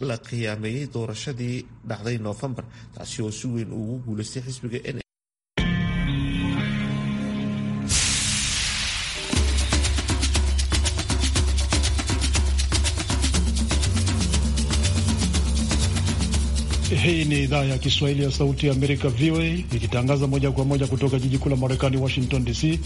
la qiyaameeyey doorashadii dhacday Noofembar taasi oo si weyn ugu guulaystay xisbiga Hii ni idhaa ya Kiswahili ya Sauti ya Amerika, VOA, ikitangaza moja kwa moja kutoka jiji kuu la Marekani, Washington DC.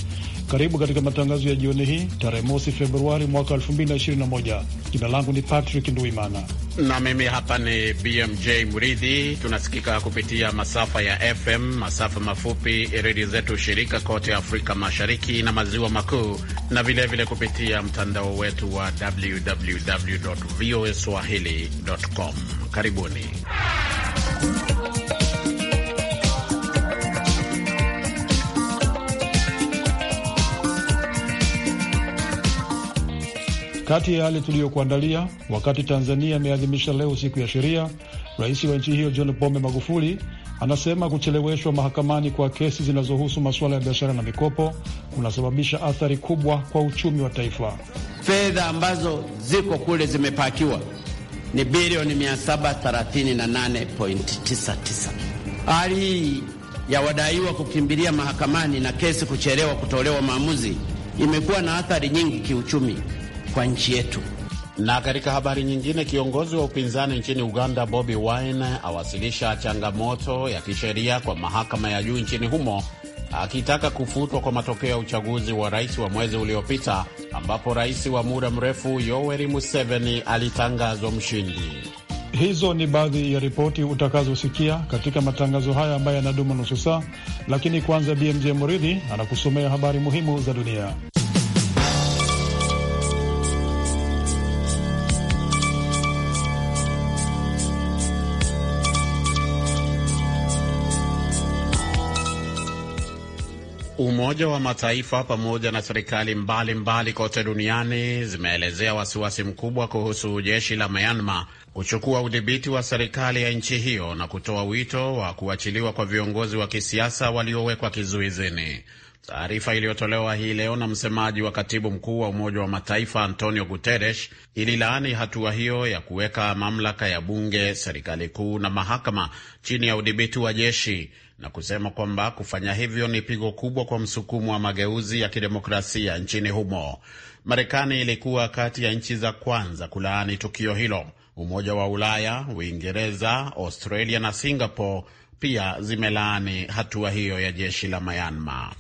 Karibu katika matangazo ya jioni hii, tarehe mosi Februari mwaka 2021. Jina langu ni Patrick Nduimana na mimi hapa ni BMJ Mridhi. Tunasikika kupitia masafa ya FM, masafa mafupi, redio zetu shirika kote Afrika Mashariki na Maziwa Makuu, na vilevile vile kupitia mtandao wetu wa www voa com. Karibuni. Kati ya yale tuliyokuandalia, wakati Tanzania imeadhimisha leo siku ya sheria, rais wa nchi hiyo John Pombe Magufuli anasema kucheleweshwa mahakamani kwa kesi zinazohusu masuala ya biashara na mikopo kunasababisha athari kubwa kwa uchumi wa taifa. Fedha ambazo ziko kule zimepakiwa ni bilioni 738.99. Hali hii ya wadaiwa kukimbilia mahakamani na kesi kuchelewa kutolewa maamuzi imekuwa na athari nyingi kiuchumi kwa nchi yetu. Na katika habari nyingine, kiongozi wa upinzani nchini Uganda Bobi Wine awasilisha changamoto ya kisheria kwa mahakama ya juu nchini humo akitaka kufutwa kwa matokeo ya uchaguzi wa rais wa mwezi uliopita ambapo rais wa muda mrefu Yoweri Museveni alitangazwa mshindi. Hizo ni baadhi ya ripoti utakazosikia katika matangazo haya ambayo yanadumu nusu saa, lakini kwanza BMJ Muridhi anakusomea habari muhimu za dunia. Umoja wa Mataifa pamoja na serikali mbalimbali kote duniani zimeelezea wasiwasi mkubwa kuhusu jeshi la Myanmar kuchukua udhibiti wa serikali ya nchi hiyo na kutoa wito wa kuachiliwa kwa viongozi wa kisiasa waliowekwa kizuizini. Taarifa iliyotolewa hii leo na msemaji wa katibu mkuu wa Umoja wa Mataifa Antonio Guterres ililaani hatua hiyo ya kuweka mamlaka ya bunge, serikali kuu na mahakama chini ya udhibiti wa jeshi na kusema kwamba kufanya hivyo ni pigo kubwa kwa msukumo wa mageuzi ya kidemokrasia nchini humo. Marekani ilikuwa kati ya nchi za kwanza kulaani tukio hilo. Umoja wa Ulaya, Uingereza, Australia na Singapore pia zimelaani hatua hiyo ya jeshi la Myanmar.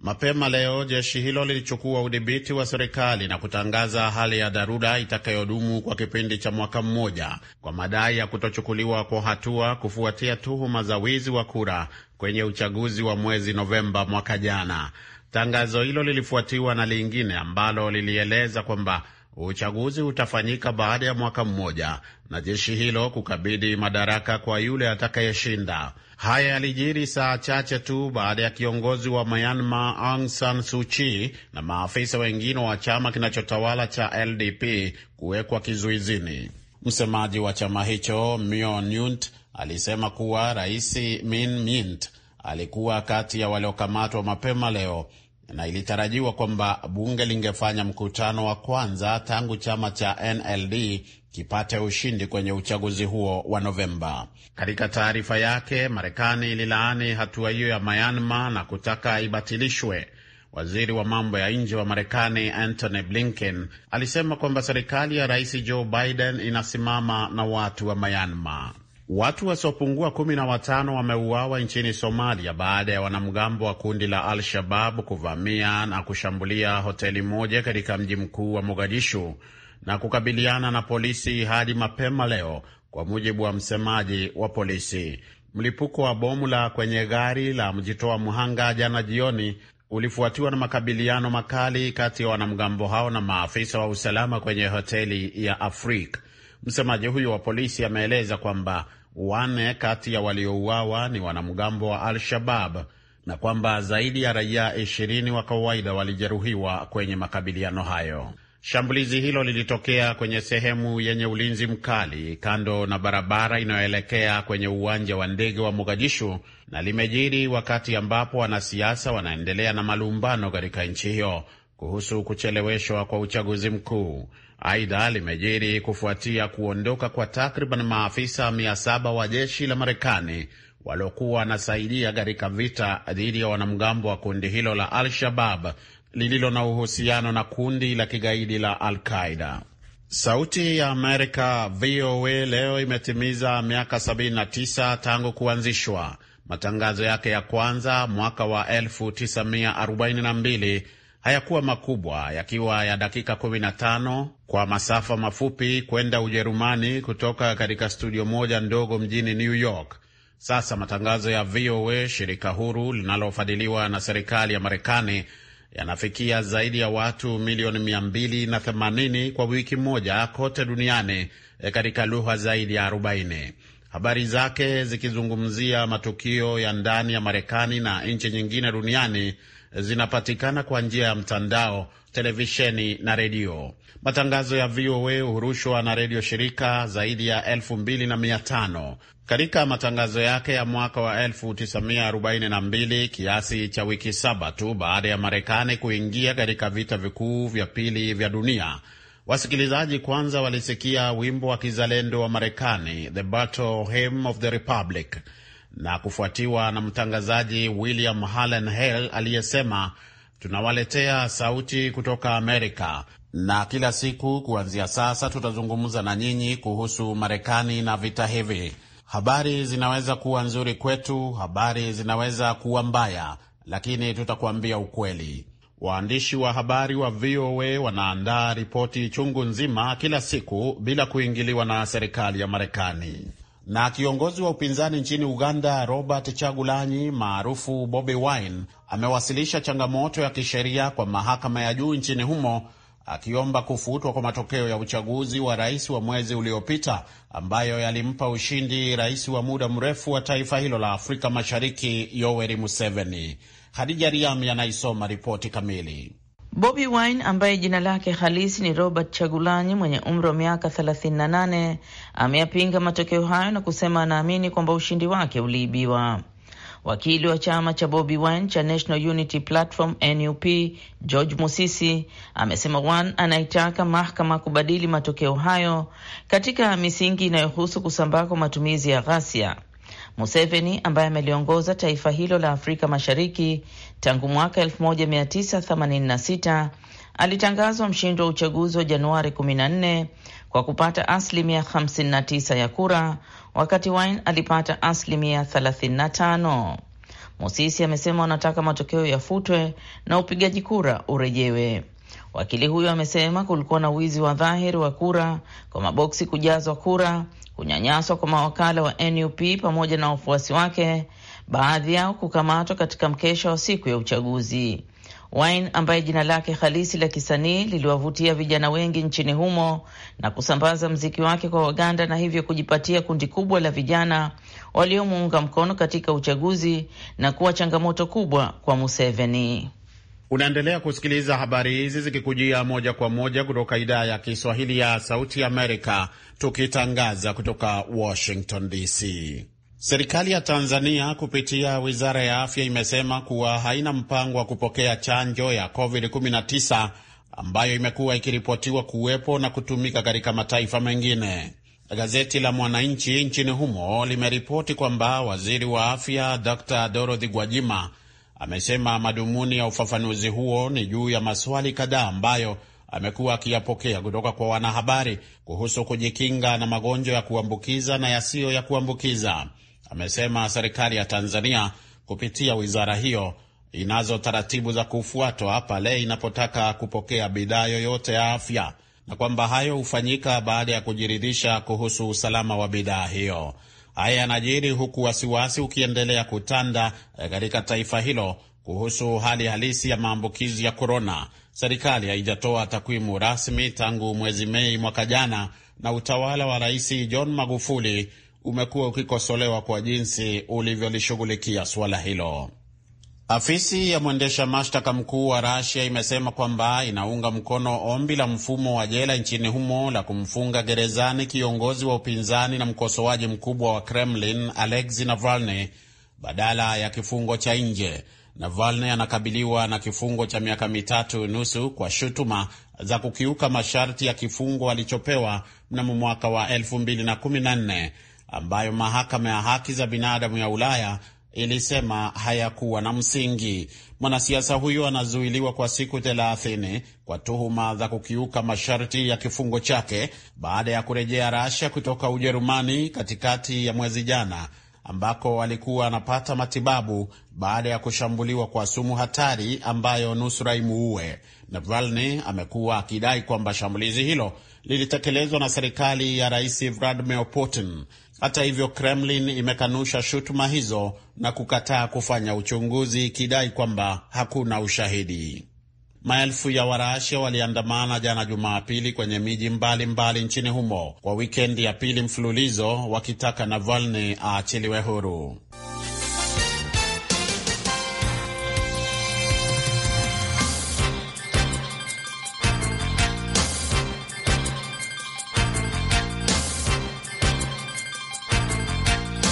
Mapema leo jeshi hilo lilichukua udhibiti wa serikali na kutangaza hali ya dharura itakayodumu kwa kipindi cha mwaka mmoja kwa madai ya kutochukuliwa kwa hatua kufuatia tuhuma za wizi wa kura kwenye uchaguzi wa mwezi Novemba mwaka jana. Tangazo hilo lilifuatiwa na lingine ambalo lilieleza kwamba uchaguzi utafanyika baada ya mwaka mmoja na jeshi hilo kukabidhi madaraka kwa yule atakayeshinda. Haya yalijiri saa chache tu baada ya kiongozi wa Myanmar Aung San Suu Kyi na maafisa wengine wa chama kinachotawala cha LDP kuwekwa kizuizini. Msemaji wa chama hicho Myo Nyunt alisema kuwa Rais Min Mint alikuwa kati ya waliokamatwa mapema leo na ilitarajiwa kwamba bunge lingefanya mkutano wa kwanza tangu chama cha NLD kipate ushindi kwenye uchaguzi huo wa Novemba. Katika taarifa yake, Marekani ililaani hatua hiyo ya Myanmar na kutaka ibatilishwe. Waziri wa mambo ya nje wa Marekani Antony Blinken alisema kwamba serikali ya Rais Joe Biden inasimama na watu wa Myanmar. Watu wasiopungua kumi na watano wameuawa nchini Somalia baada ya wanamgambo wa kundi la Al-Shabab kuvamia na kushambulia hoteli moja katika mji mkuu wa Mogadishu na kukabiliana na polisi hadi mapema leo, kwa mujibu wa msemaji wa polisi. Mlipuko wa bomu la kwenye gari la mjitoa mhanga jana jioni ulifuatiwa na makabiliano makali kati ya wanamgambo hao na maafisa wa usalama kwenye hoteli ya Afrika. Msemaji huyo wa polisi ameeleza kwamba wanne kati ya waliouawa ni wanamgambo wa Al-Shabab na kwamba zaidi ya raia ishirini wa kawaida walijeruhiwa kwenye makabiliano hayo. Shambulizi hilo lilitokea kwenye sehemu yenye ulinzi mkali kando na barabara inayoelekea kwenye uwanja wa ndege wa Mogadishu na limejiri wakati ambapo wanasiasa wanaendelea na malumbano katika nchi hiyo kuhusu kucheleweshwa kwa uchaguzi mkuu. Aidha, limejiri kufuatia kuondoka kwa takriban maafisa 7 wa jeshi la Marekani waliokuwa wanasaidia katika vita dhidi ya wanamgambo wa kundi hilo la Al-Shabab lililo na uhusiano na kundi la kigaidi la Al-Qaida. Sauti ya Amerika VOA leo imetimiza miaka 79 tangu kuanzishwa matangazo yake ya kwanza mwaka wa 1942 hayakuwa makubwa, yakiwa ya dakika 15 kwa masafa mafupi kwenda Ujerumani kutoka katika studio moja ndogo mjini New York. Sasa matangazo ya VOA, shirika huru linalofadhiliwa na serikali ya Marekani, yanafikia zaidi ya watu milioni 280 kwa wiki moja kote duniani eh, katika lugha zaidi ya 40, habari zake zikizungumzia matukio ya ndani ya Marekani na nchi nyingine duniani zinapatikana kwa njia ya mtandao, televisheni na redio. Matangazo ya VOA hurushwa na redio shirika zaidi ya 25 katika matangazo yake ya mwaka wa 1942 kiasi cha wiki saba tu baada ya Marekani kuingia katika vita vikuu vya pili vya dunia. Wasikilizaji kwanza walisikia wimbo wa kizalendo wa Marekani, The Battle Hymn of the Republic, na kufuatiwa na mtangazaji William Allen Hale aliyesema tunawaletea sauti kutoka Amerika na kila siku kuanzia sasa tutazungumza na nyinyi kuhusu Marekani na vita hivi. Habari zinaweza kuwa nzuri kwetu, habari zinaweza kuwa mbaya, lakini tutakuambia ukweli. Waandishi wa habari wa VOA wanaandaa ripoti chungu nzima kila siku bila kuingiliwa na serikali ya Marekani. Na kiongozi wa upinzani nchini Uganda Robert Chagulanyi maarufu Bobi Wine amewasilisha changamoto ya kisheria kwa mahakama ya juu nchini humo akiomba kufutwa kwa matokeo ya uchaguzi wa rais wa mwezi uliopita ambayo yalimpa ushindi rais wa muda mrefu wa taifa hilo la Afrika Mashariki Yoweri Museveni. Hadija Riami anaisoma ripoti kamili. Bobi Wine ambaye jina lake halisi ni Robert Chagulanyi mwenye umri wa miaka 38 ameyapinga matokeo hayo na kusema anaamini kwamba ushindi wake uliibiwa. Wakili wa chama cha Bobi Wine cha National Unity Platform NUP George Musisi amesema Wan anaitaka mahakama kubadili matokeo hayo katika misingi inayohusu kusambaa kwa matumizi ya ghasia Museveni ambaye ameliongoza taifa hilo la Afrika Mashariki tangu mwaka 1986 alitangazwa mshindi wa uchaguzi wa Januari 14 kwa kupata asilimia 59 ya kura, wakati Wine alipata asilimia 35. Musisi amesema wanataka matokeo yafutwe na upigaji kura urejewe. Wakili huyo amesema kulikuwa na wizi wa dhahiri wa kura kwa maboksi kujazwa kura, kunyanyaswa kwa mawakala wa NUP pamoja na wafuasi wake, baadhi yao kukamatwa katika mkesha wa siku ya uchaguzi. Wine ambaye jina lake halisi la kisanii liliwavutia vijana wengi nchini humo na kusambaza mziki wake kwa Waganda na hivyo kujipatia kundi kubwa la vijana waliomuunga mkono katika uchaguzi na kuwa changamoto kubwa kwa Museveni. Unaendelea kusikiliza habari hizi zikikujia moja kwa moja kutoka idhaa ya Kiswahili ya Sauti Amerika, tukitangaza kutoka Washington DC. Serikali ya Tanzania kupitia Wizara ya Afya imesema kuwa haina mpango wa kupokea chanjo ya COVID-19 ambayo imekuwa ikiripotiwa kuwepo na kutumika katika mataifa mengine. Gazeti la Mwananchi nchini humo limeripoti kwamba waziri wa afya Dr Dorothy Gwajima amesema madhumuni ya ufafanuzi huo ni juu ya maswali kadhaa ambayo amekuwa akiyapokea kutoka kwa wanahabari kuhusu kujikinga na magonjwa ya kuambukiza na yasiyo ya kuambukiza. Amesema serikali ya Tanzania kupitia wizara hiyo inazo taratibu za kufuatwa pale inapotaka kupokea bidhaa yoyote ya afya na kwamba hayo hufanyika baada ya kujiridhisha kuhusu usalama wa bidhaa hiyo. Haya yanajiri huku wasiwasi ukiendelea kutanda eh, katika taifa hilo kuhusu hali halisi ya maambukizi ya korona. Serikali haijatoa takwimu rasmi tangu mwezi Mei mwaka jana, na utawala wa Rais John Magufuli umekuwa ukikosolewa kwa jinsi ulivyolishughulikia suala hilo. Afisi ya mwendesha mashtaka mkuu wa Rasia imesema kwamba inaunga mkono ombi la mfumo wa jela nchini humo la kumfunga gerezani kiongozi wa upinzani na mkosoaji mkubwa wa Kremlin Alexei Navalny badala ya kifungo cha nje. Navalny anakabiliwa na kifungo cha miaka mitatu nusu kwa shutuma za kukiuka masharti ya kifungo alichopewa mnamo mwaka wa 2014 ambayo mahakama ya haki za binadamu ya Ulaya ilisema hayakuwa na msingi. Mwanasiasa huyo anazuiliwa kwa siku thelathini kwa tuhuma za kukiuka masharti ya kifungo chake baada ya kurejea Rasha kutoka Ujerumani katikati ya mwezi jana ambako alikuwa anapata matibabu baada ya kushambuliwa kwa sumu hatari ambayo nusra imuue. Navalny amekuwa akidai kwamba shambulizi hilo lilitekelezwa na serikali ya Rais Vladimir Putin. Hata hivyo, Kremlin imekanusha shutuma hizo na kukataa kufanya uchunguzi ikidai kwamba hakuna ushahidi. Maelfu ya Warasia waliandamana jana Jumapili kwenye miji mbalimbali mbali nchini humo kwa wikendi ya pili mfululizo wakitaka Navalny aachiliwe huru.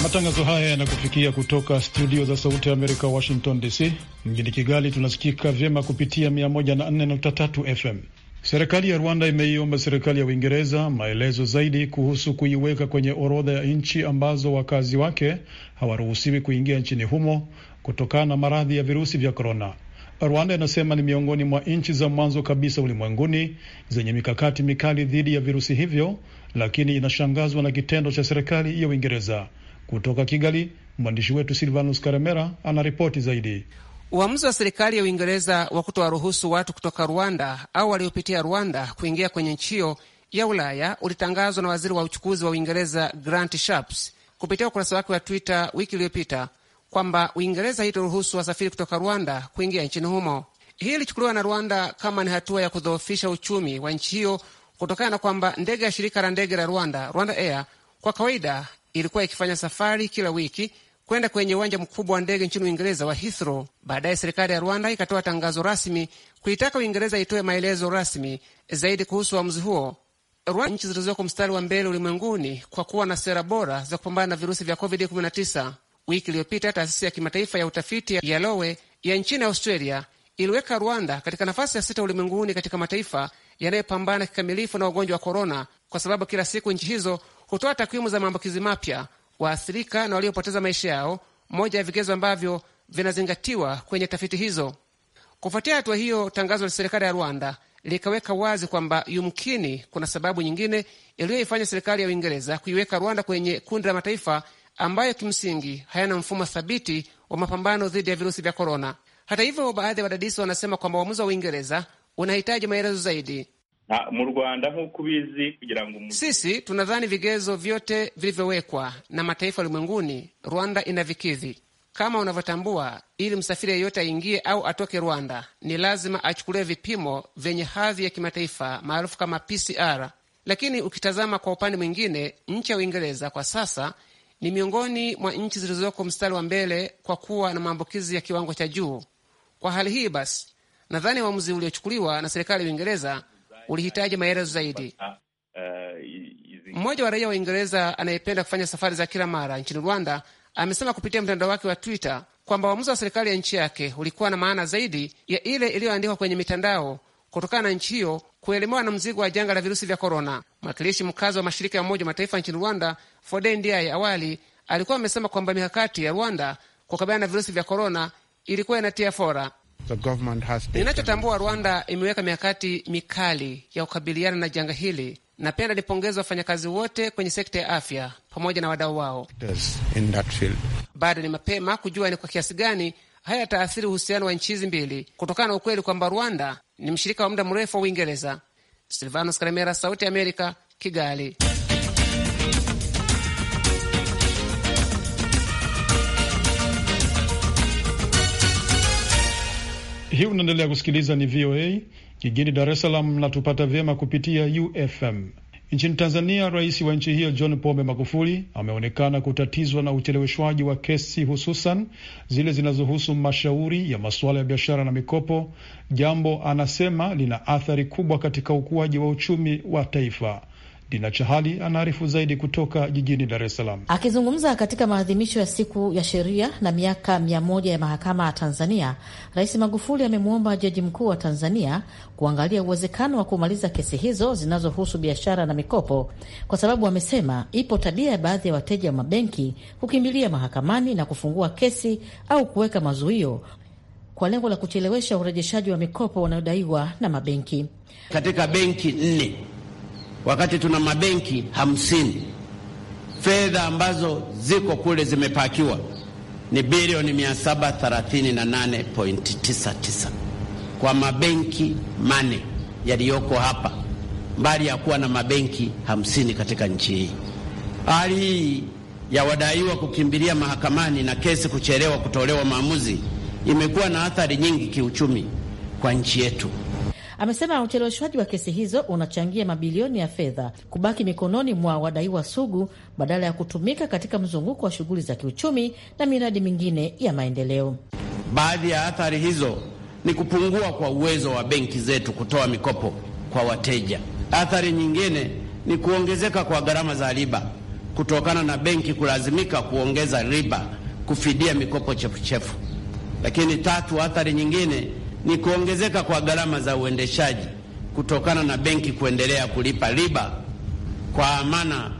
Matangazo haya yanakufikia kutoka studio za Sauti ya Amerika, Washington DC. Mjini Kigali tunasikika vyema kupitia 104.3 FM. Serikali ya Rwanda imeiomba serikali ya Uingereza maelezo zaidi kuhusu kuiweka kwenye orodha ya nchi ambazo wakazi wake hawaruhusiwi kuingia nchini humo kutokana na maradhi ya virusi vya korona. Rwanda inasema ni miongoni mwa nchi za mwanzo kabisa ulimwenguni zenye mikakati mikali dhidi ya virusi hivyo, lakini inashangazwa na kitendo cha serikali ya Uingereza. Kutoka Kigali, mwandishi wetu Silvanus Karemera ana ripoti zaidi. Uamuzi wa serikali ya Uingereza wa kutowaruhusu watu kutoka Rwanda au waliopitia Rwanda kuingia kwenye nchi hiyo ya Ulaya ulitangazwa na waziri wa uchukuzi wa Uingereza Grant Shapps kupitia ukurasa wake wa Twitter wiki iliyopita kwamba Uingereza haitaruhusu wasafiri kutoka Rwanda kuingia nchini humo. Hii ilichukuliwa na Rwanda kama ni hatua ya kudhoofisha uchumi wa nchi hiyo kutokana na kwamba ndege ya shirika la ndege la Rwanda, Rwanda Air, kwa kawaida ilikuwa ikifanya safari kila wiki kwenda kwenye uwanja mkubwa wa ndege nchini Uingereza wa Heathrow. Baadaye serikali ya Rwanda ikatoa tangazo rasmi kuitaka Uingereza itoe maelezo rasmi zaidi kuhusu uamuzi huo. Rwanda nchi zilizoko mstari wa mbele ulimwenguni kwa kuwa na sera bora za kupambana na virusi vya COVID-19. Wiki iliyopita taasisi ya kimataifa ya utafiti ya Lowe ya nchini Australia iliweka Rwanda katika nafasi ya sita ulimwenguni katika mataifa yanayopambana kikamilifu na ugonjwa wa korona, kwa sababu kila siku nchi hizo hutoa takwimu za maambukizi mapya, waathirika na waliopoteza maisha yao, moja ya vigezo ambavyo vinazingatiwa kwenye tafiti hizo. Kufuatia hatua hiyo, tangazo la serikali ya Rwanda likaweka wazi kwamba yumkini kuna sababu nyingine iliyoifanya serikali ya Uingereza kuiweka Rwanda kwenye kundi la mataifa ambayo kimsingi hayana mfumo thabiti wa mapambano dhidi ya virusi vya korona. Hata hivyo, baadhi ya wadadisi wanasema kwamba uamuzi wa Uingereza unahitaji maelezo zaidi. mu Rwanda nk'uko ubizi kugira ngo sisi tunadhani vigezo vyote vilivyowekwa na mataifa ulimwenguni Rwanda inavikidhi. Kama unavyotambua, ili msafiri yeyote aingie au atoke Rwanda ni lazima achukuliwe vipimo vyenye hadhi ya kimataifa maarufu kama PCR. Lakini ukitazama kwa upande mwingine, nchi ya Uingereza kwa sasa ni miongoni mwa nchi zilizoko mstari wa mbele kwa kuwa na maambukizi ya kiwango cha juu. Kwa hali hii basi Nadhani uamuzi uliochukuliwa na serikali ya Uingereza ulihitaji maelezo zaidi. Mmoja wa raia wa Uingereza anayependa kufanya safari za kila mara nchini Rwanda amesema kupitia mtandao wake wa Twitter kwamba uamuzi wa serikali ya nchi yake ulikuwa na maana zaidi ya ile iliyoandikwa kwenye mitandao kutokana na nchi hiyo kuelemewa na mzigo wa janga la virusi vya korona. Mwakilishi mkazi wa mashirika ya Umoja wa Mataifa nchini Rwanda, Fode Ndiaye, awali alikuwa amesema kwamba mikakati ya Rwanda kukabiliana na virusi vya korona ilikuwa inatia fora. Ninachotambua, Rwanda imeweka mikakati mikali ya kukabiliana na janga hili. Napenda nipongeze wafanyakazi wote kwenye sekta ya afya pamoja na wadau wao. Bado ni mapema kujua ni kwa kiasi gani haya yataathiri uhusiano wa nchi hizi mbili, kutokana na ukweli kwamba Rwanda ni mshirika wa muda mrefu wa Uingereza. Silvanos Karemera, Sauti ya Amerika, Kigali. Hii unaendelea kusikiliza ni VOA jijini Dar es Salaam, na tupata vyema kupitia UFM. Nchini Tanzania, rais wa nchi hiyo John Pombe Magufuli ameonekana kutatizwa na ucheleweshwaji wa kesi hususan zile zinazohusu mashauri ya masuala ya biashara na mikopo, jambo anasema lina athari kubwa katika ukuaji wa uchumi wa taifa. Dina Chahali anaarifu zaidi kutoka jijini Dar es Salaam. Akizungumza katika maadhimisho ya siku ya sheria na miaka mia moja ya mahakama ya Tanzania, Rais Magufuli amemwomba jaji mkuu wa Tanzania kuangalia uwezekano wa kumaliza kesi hizo zinazohusu biashara na mikopo, kwa sababu amesema ipo tabia ya baadhi ya wateja wa mabenki kukimbilia mahakamani na kufungua kesi au kuweka mazuio kwa lengo la kuchelewesha urejeshaji wa mikopo wanayodaiwa na mabenki. Katika benki nne wakati tuna mabenki hamsini. Fedha ambazo ziko kule zimepakiwa ni bilioni 738.99 kwa mabenki mane yaliyoko hapa, mbali ya kuwa na mabenki hamsini katika nchi hii. Hali hii ya wadaiwa kukimbilia mahakamani na kesi kuchelewa kutolewa maamuzi imekuwa na athari nyingi kiuchumi kwa nchi yetu. Amesema ucheleweshwaji wa kesi hizo unachangia mabilioni ya fedha kubaki mikononi mwa wadaiwa sugu badala ya kutumika katika mzunguko wa shughuli za kiuchumi na miradi mingine ya maendeleo. Baadhi ya athari hizo ni kupungua kwa uwezo wa benki zetu kutoa mikopo kwa wateja. Athari nyingine ni kuongezeka kwa gharama za riba kutokana na benki kulazimika kuongeza riba kufidia mikopo chefuchefu. Lakini tatu, athari nyingine ni kuongezeka kwa gharama za uendeshaji kutokana na benki kuendelea kulipa riba kwa amana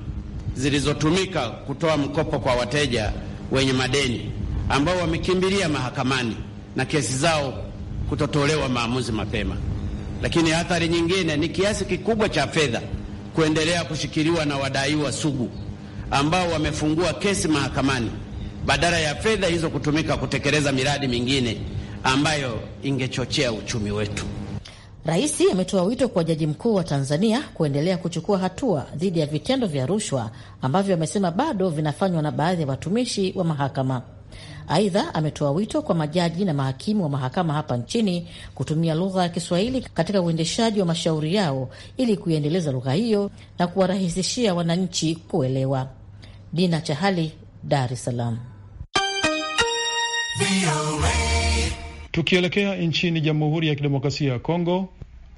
zilizotumika kutoa mkopo kwa wateja wenye madeni ambao wamekimbilia mahakamani na kesi zao kutotolewa maamuzi mapema. Lakini athari nyingine ni kiasi kikubwa cha fedha kuendelea kushikiliwa na wadaiwa sugu ambao wamefungua kesi mahakamani badala ya fedha hizo kutumika kutekeleza miradi mingine ambayo ingechochea uchumi wetu. Raisi ametoa wito kwa jaji mkuu wa Tanzania kuendelea kuchukua hatua dhidi ya vitendo vya rushwa ambavyo amesema bado vinafanywa na baadhi ya watumishi wa mahakama. Aidha, ametoa wito kwa majaji na mahakimu wa mahakama hapa nchini kutumia lugha ya Kiswahili katika uendeshaji wa mashauri yao ili kuiendeleza lugha hiyo na kuwarahisishia wananchi kuelewa. Dina Chahali, Dar es Salaam. Tukielekea nchini Jamhuri ya Kidemokrasia ya Kongo,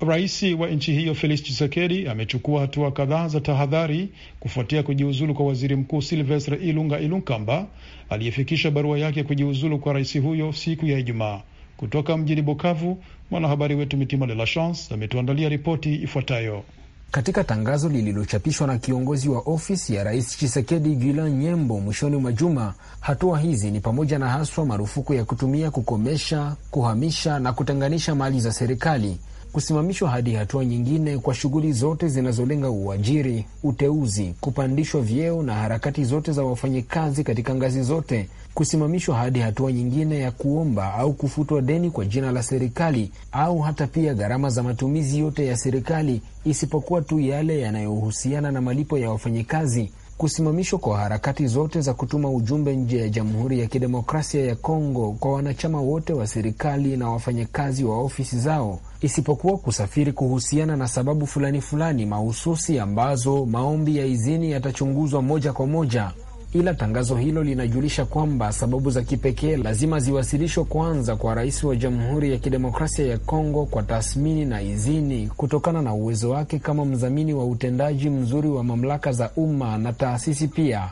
rais wa nchi hiyo Felix Tshisekedi amechukua hatua kadhaa za tahadhari kufuatia kujiuzulu kwa waziri mkuu Silvestre Ilunga Ilunkamba aliyefikisha barua yake kujiuzulu kwa rais huyo siku ya Ijumaa. Kutoka mjini Bukavu, mwanahabari wetu Mitima De La Chance ametuandalia ripoti ifuatayo. Katika tangazo lililochapishwa na kiongozi wa ofisi ya rais Chisekedi Gulan Nyembo mwishoni mwa juma, hatua hizi ni pamoja na haswa marufuku ya kutumia, kukomesha, kuhamisha na kutenganisha mali za serikali, kusimamishwa hadi hatua nyingine kwa shughuli zote zinazolenga uajiri, uteuzi, kupandishwa vyeo na harakati zote za wafanyikazi katika ngazi zote kusimamishwa hadi hatua nyingine ya kuomba au kufutwa deni kwa jina la serikali au hata pia gharama za matumizi yote ya serikali isipokuwa tu yale yanayohusiana na malipo ya wafanyikazi, kusimamishwa kwa harakati zote za kutuma ujumbe nje ya Jamhuri ya Kidemokrasia ya Kongo kwa wanachama wote wa serikali na wafanyakazi wa ofisi zao isipokuwa kusafiri kuhusiana na sababu fulani fulani mahususi ambazo maombi ya idhini yatachunguzwa moja kwa moja ila tangazo hilo linajulisha kwamba sababu za kipekee lazima ziwasilishwe kwanza kwa rais wa Jamhuri ya Kidemokrasia ya Kongo kwa tathmini na idhini, kutokana na uwezo wake kama mdhamini wa utendaji mzuri wa mamlaka za umma na taasisi pia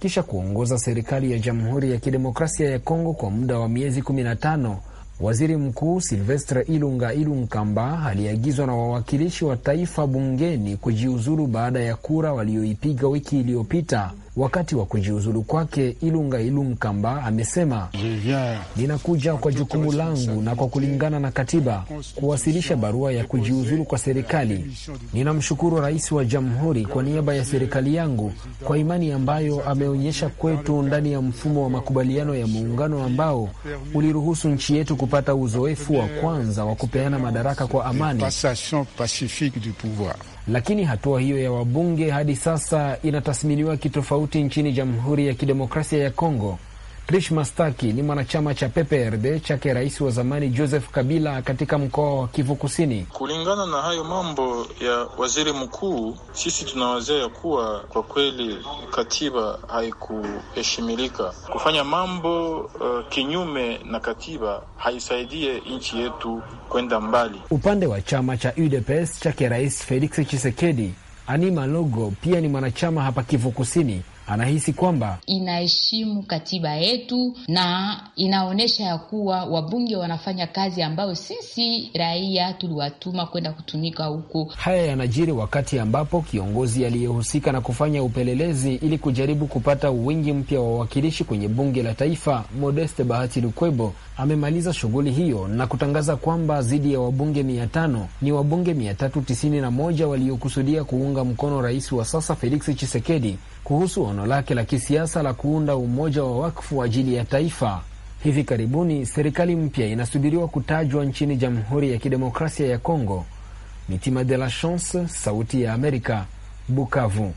kisha kuongoza serikali ya Jamhuri ya Kidemokrasia ya Kongo kwa muda wa miezi 15. Waziri Mkuu Silvestre Ilunga Ilunkamba aliagizwa na wawakilishi wa taifa bungeni kujiuzulu baada ya kura walioipiga wiki iliyopita Wakati wa kujiuzulu kwake, Ilunga Ilunkamba amesema ninakuja kwa jukumu langu na kwa kulingana na katiba kuwasilisha barua ya kujiuzulu kwa serikali. Ninamshukuru rais wa jamhuri kwa niaba ya serikali yangu kwa imani ambayo ameonyesha kwetu ndani ya mfumo wa makubaliano ya muungano ambao uliruhusu nchi yetu kupata uzoefu wa kwanza wa kupeana madaraka kwa amani. Lakini hatua hiyo ya wabunge hadi sasa inatathminiwa kitofauti nchini Jamhuri ya Kidemokrasia ya Kongo Rish Mastaki ni mwanachama cha PPRD chake rais wa zamani Joseph Kabila katika mkoa wa Kivu Kusini. Kulingana na hayo mambo ya waziri mkuu, sisi tunawazia ya kuwa kwa kweli katiba haikuheshimilika. Kufanya mambo uh, kinyume na katiba haisaidie nchi yetu kwenda mbali. Upande wa chama cha UDPS chake rais Felix Chisekedi, Anima Logo pia ni mwanachama hapa Kivu Kusini anahisi kwamba inaheshimu katiba yetu na inaonyesha ya kuwa wabunge wanafanya kazi ambayo sisi raia tuliwatuma kwenda kutumika huko. Haya yanajiri wakati ambapo kiongozi aliyehusika na kufanya upelelezi ili kujaribu kupata wingi mpya wa wawakilishi kwenye bunge la taifa, Modeste Bahati Lukwebo amemaliza shughuli hiyo na kutangaza kwamba zaidi ya wabunge mia tano ni wabunge mia tatu tisini na moja waliokusudia kuunga mkono rais wa sasa Felix chisekedi kuhusu ono lake la kisiasa la kuunda umoja wa wakfu ajili ya taifa. Hivi karibuni serikali mpya inasubiriwa kutajwa nchini Jamhuri ya Kidemokrasia ya Kongo. Mitima de la Chance, Sauti ya Amerika, Bukavu.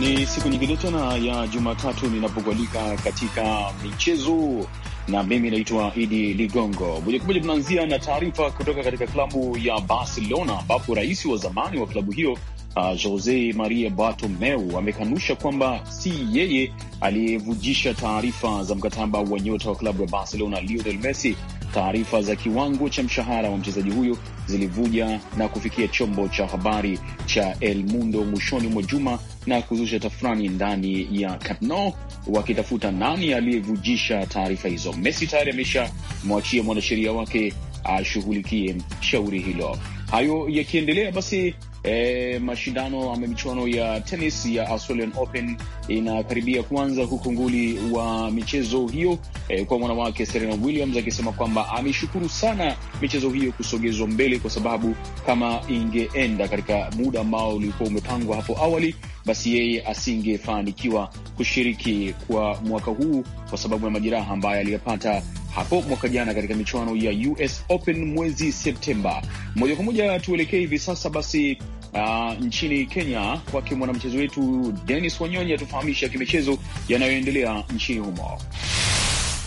Ni siku nyingine tena ya Jumatatu ninapokualika katika michezo, na mimi naitwa Idi Ligongo. Moja kwa moja tunaanzia na taarifa kutoka katika klabu ya Barcelona ambapo rais wa zamani wa klabu hiyo uh, Jose Maria Bartomeu amekanusha kwamba si yeye aliyevujisha taarifa za mkataba wa nyota wa klabu ya Barcelona Lionel Messi. Taarifa za kiwango cha mshahara wa mchezaji huyo zilivuja na kufikia chombo cha habari cha El Mundo mwishoni mwa juma na kuzusha tafurani ndani ya Camp wakitafuta nani aliyevujisha taarifa hizo. Messi tayari ameshamwachia mwanasheria wake ashughulikie shauri hilo. Hayo yakiendelea basi E, mashindano ama michuano ya tenis ya Australian Open inakaribia kuanza huku nguli wa michezo hiyo e, kwa mwanawake Serena Williams akisema kwamba ameshukuru sana michezo hiyo kusogezwa mbele, kwa sababu kama ingeenda katika muda ambao ulikuwa umepangwa hapo awali, basi yeye asingefanikiwa kushiriki kwa mwaka huu kwa sababu ya majeraha ambayo aliyapata hapo mwaka jana katika michuano ya US Open mwezi Septemba. Moja kwa moja tuelekee hivi sasa basi Uh, nchini Kenya kwake mwanamchezo wetu Dennis Wanyonyi atufahamisha kimichezo yanayoendelea nchini humo.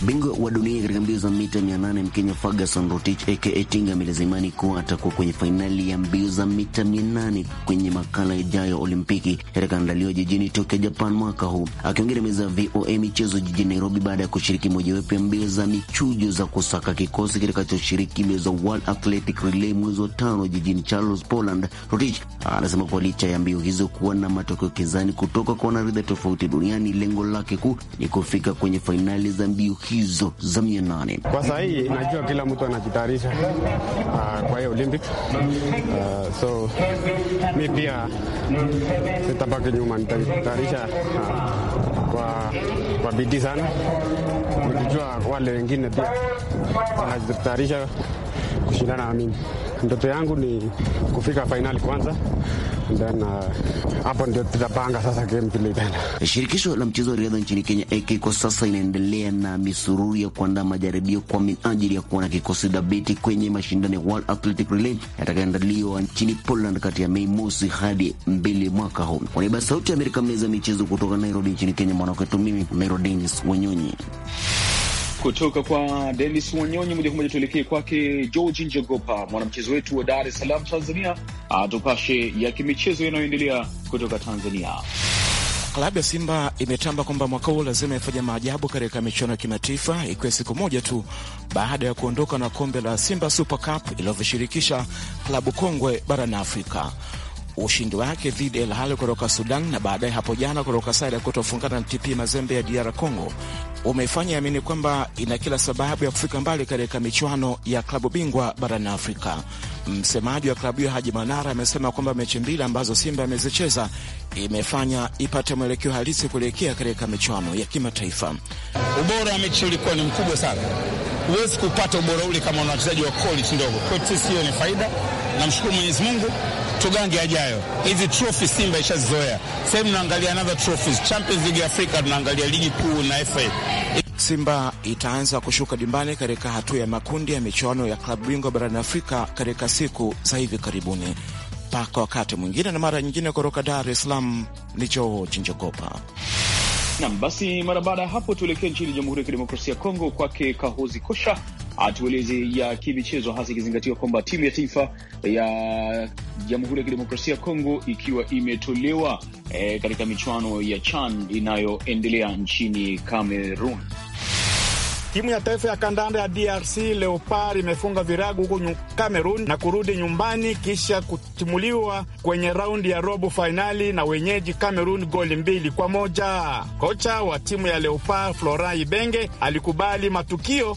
Bingwa wa dunia katika mbio za mita 800 Mkenya Ferguson Rotich aka Tinga ameeleza imani kuwa atakuwa kwenye fainali ya mbio za mita 800 kwenye makala ijayo Olimpiki yatakaandaliwa jijini Tokyo, Japan mwaka huu. Akiongea meza VOA michezo jijini Nairobi baada ya kushiriki mojawapo ya mbio za michujo za kusaka kikosi kitakachoshiriki mbio za World Athletic Relay mwezi wa tano jijini Charles, Poland, Rotich anasema kuwa licha ya mbio hizo kuwa na matokeo kinzani kutoka kwa wanariadha tofauti duniani, lengo lake kuu ni kufika kwenye fainali za mbio hizo hizo za mia nane. Kwa saa hii najua kila mtu anajitayarisha uh, kwa hiyo Olympic uh, ah, so mi pia sitabaki nyuma, nitajitayarisha uh, kwa, kwa bidii sana nikijua wale wengine pia wanajitayarisha kushindana na mimi. Ndoto yangu ni kufika fainali kwanza, then uh, hapo uh, ndio tutapanga sasa game vile itaenda. Shirikisho la mchezo wa riadha nchini Kenya AK kwa sasa inaendelea na misururu ya kuandaa majaribio kwa minajili ya kuwa na kikosi dhabiti kwenye mashindano ya World Athletic Relay yatakayoandaliwa nchini Poland kati ya Mei mosi hadi mbili mwaka huu. Kwa niaba ya Sauti ya Amerika, meza michezo kutoka Nairobi nchini Kenya, mwanakwetu mimi Merodenis Wenyonyi kutoka kwa Denis Wanyonyi. Moja kwa moja tuelekee kwake Georgi Njogopa, mwanamchezo wetu wa Dar es Salaam, Tanzania, atupashe ya kimichezo yanayoendelea kutoka Tanzania. Klabu ya Simba imetamba kwamba mwaka huu lazima ifanya maajabu katika michuano ya kimataifa, ikiwa siku moja tu baada ya kuondoka na kombe la Simba Super Cup klabu kongwe barani Afrika ushindi wake dhidi ya El kutoka Sudan na baadaye hapo jana kutoka ya kutofungana na TP Mazembe ya DR Congo umeifanya amini kwamba ina kila sababu ya kufika mbali katika michuano ya klabu bingwa barani Afrika. Msemaji wa klabu hiyo Haji Manara amesema kwamba mechi mbili ambazo Simba amezicheza imefanya ipate mwelekeo halisi kuelekea katika michuano ya kimataifa. Ubora wa mechi ulikuwa ni mkubwa sana, huwezi kupata ubora ule kama una wachezaji wa quality ndogo. Kwetu sisi hiyo ni faida, namshukuru Mwenyezi Mungu tugange ajayo. Hizi trophy Simba ishazizoea, sehemu tunaangalia another trophies, Champions League ya Afrika, tunaangalia ligi kuu na FA. Simba itaanza kushuka dimbani katika hatua ya makundi ya michuano ya klabu bingwa barani Afrika katika siku za hivi karibuni. Mpaka wakati mwingine na mara nyingine, kutoka Dar es Salaam ni George Njogopa. Nam, basi mara baada ya hapo tuelekee nchini Jamhuri ya Kidemokrasia ya Kongo, kwake Kahozi Kosha Ah, tueleze ya kimichezo, hasa ikizingatiwa kwamba timu ya taifa ya Jamhuri ya Kidemokrasia ya Kongo ikiwa imetolewa e, katika michuano ya CHAN inayoendelea nchini Cameroon. Timu ya taifa ya kandanda ya DRC Leopard imefunga virago huko Cameroon na kurudi nyumbani kisha kutimuliwa kwenye raundi ya robo fainali na wenyeji Cameroon goli mbili kwa moja. Kocha wa timu ya Leopard Florent Ibenge alikubali matukio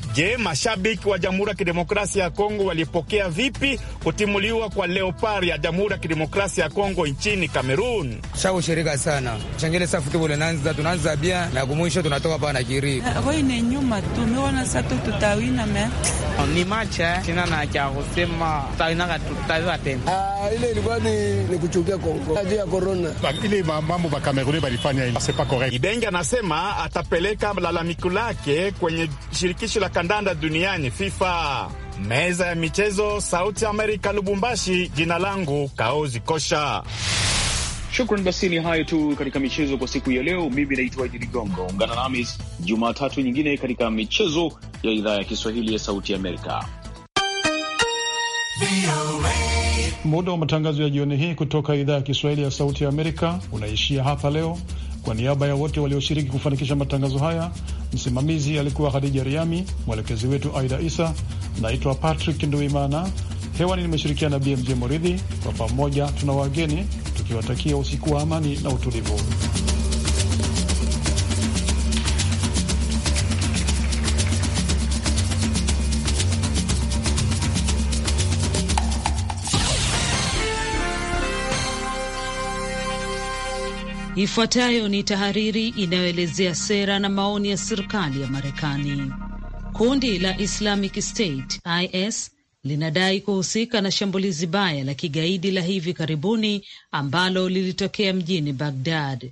Je, mashabiki wa Jamhuri ya Kidemokrasia ya Kongo walipokea vipi kutimuliwa kwa Leopard ya Jamhuri ya Kidemokrasia ya Kongo nchini Kamerun? Shaushirika sana changele sa safutibule nanza tunanza bia na kumwisho tunatoka pa na kiri hoine ah, nyuma tumeona sa sato tutawina me ni macha eh? sina na cha kusema tutawina tutaweza tena. Ah, ile ilikuwa ni, ni kuchukia Kongo ajili ya corona ile mambo ba Kamerun balifanya c'est pas correct. Ibenga anasema atapeleka lalamiko lake kwenye shirikisho la kandanda duniani FIFA. Meza ya michezo, Sauti Amerika, Lubumbashi. Jina langu Kaozi Kosha. Shukran. Basi ni hayo tu katika michezo kwa siku ya leo. Mimi naitwa Idi Ligongo. Ungana nami Jumatatu nyingine katika michezo ya idhaa ya Kiswahili ya Sauti Amerika. Muda wa matangazo ya jioni hii kutoka idhaa ya Kiswahili ya Sauti Amerika unaishia hapa leo kwa niaba ya wote walioshiriki kufanikisha matangazo haya, msimamizi alikuwa Hadija Riami, mwelekezi wetu Aida Isa. Naitwa Patrick Nduimana, hewani nimeshirikiana BMJ Moridhi. Kwa pamoja tuna wageni tukiwatakia usiku wa amani na utulivu. Ifuatayo ni tahariri inayoelezea sera na maoni ya serikali ya Marekani. Kundi la Islamic State IS linadai kuhusika na shambulizi baya la kigaidi la hivi karibuni ambalo lilitokea mjini Bagdad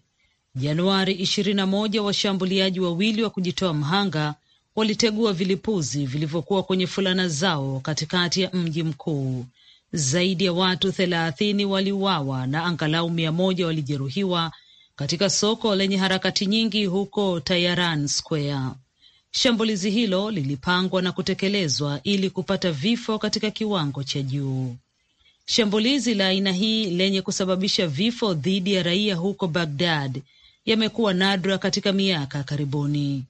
Januari 21. Washambuliaji wawili wa kujitoa mhanga walitegua vilipuzi vilivyokuwa kwenye fulana zao katikati ya mji mkuu. Zaidi ya watu thelathini waliuawa na angalau mia moja walijeruhiwa katika soko lenye harakati nyingi huko Tayaran Square. Shambulizi hilo lilipangwa na kutekelezwa ili kupata vifo katika kiwango cha juu. Shambulizi la aina hii lenye kusababisha vifo dhidi ya raia huko Bagdad yamekuwa nadra katika miaka karibuni.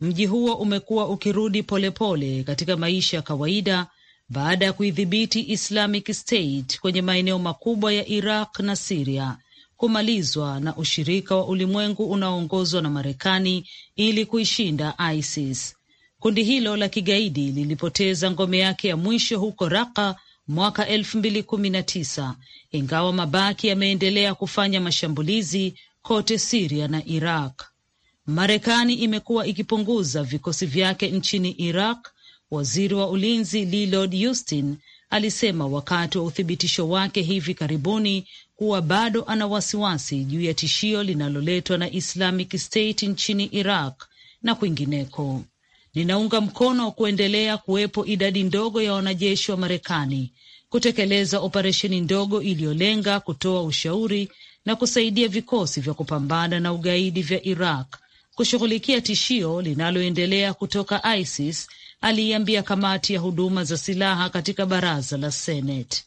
Mji huo umekuwa ukirudi polepole pole katika maisha ya kawaida baada ya kuidhibiti Islamic State kwenye maeneo makubwa ya Iraq na Siria kumalizwa na ushirika wa ulimwengu unaoongozwa na Marekani ili kuishinda ISIS. Kundi hilo la kigaidi lilipoteza ngome yake ya mwisho huko Raka mwaka elfu mbili kumi na tisa ingawa mabaki yameendelea kufanya mashambulizi kote Siria na Iraq. Marekani imekuwa ikipunguza vikosi vyake nchini Iraq. Waziri wa ulinzi Lloyd Austin alisema wakati wa uthibitisho wake hivi karibuni kuwa bado ana wasiwasi juu ya tishio linaloletwa na Islamic State nchini Iraq na kwingineko. Ninaunga mkono wa kuendelea kuwepo idadi ndogo ya wanajeshi wa Marekani, kutekeleza operesheni ndogo iliyolenga kutoa ushauri na kusaidia vikosi vya kupambana na ugaidi vya Iraq kushughulikia tishio linaloendelea kutoka ISIS aliiambia kamati ya huduma za silaha katika baraza la Seneti.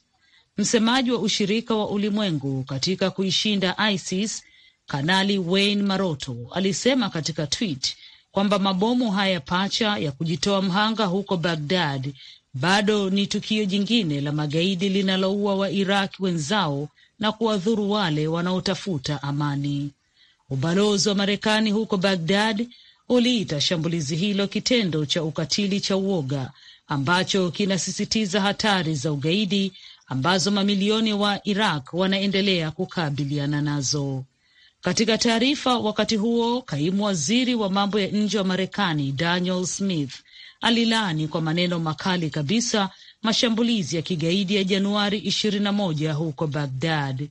Msemaji wa ushirika wa ulimwengu katika kuishinda ISIS Kanali Wayne Maroto alisema katika tweet kwamba mabomu haya pacha ya kujitoa mhanga huko Bagdad bado ni tukio jingine la magaidi linaloua Wairaki wenzao na kuwadhuru wale wanaotafuta amani. Ubalozi wa Marekani huko Bagdad uliita shambulizi hilo kitendo cha ukatili cha uoga ambacho kinasisitiza hatari za ugaidi ambazo mamilioni wa Iraq wanaendelea kukabiliana nazo. Katika taarifa wakati huo, kaimu waziri wa mambo ya nje wa Marekani Daniel Smith alilaani kwa maneno makali kabisa mashambulizi ya kigaidi ya Januari 21 huko Baghdad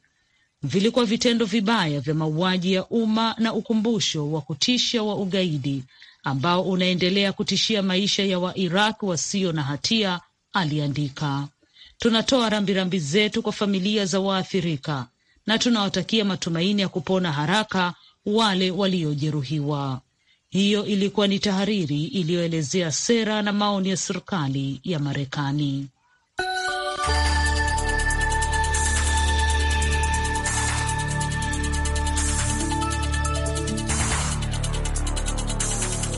vilikuwa vitendo vibaya vya mauaji ya umma na ukumbusho wa kutisha wa ugaidi ambao unaendelea kutishia maisha ya Wairaq wasio na hatia, aliandika. Tunatoa rambirambi zetu kwa familia za waathirika na tunawatakia matumaini ya kupona haraka wale waliojeruhiwa. Hiyo ilikuwa ni tahariri iliyoelezea sera na maoni ya serikali ya Marekani.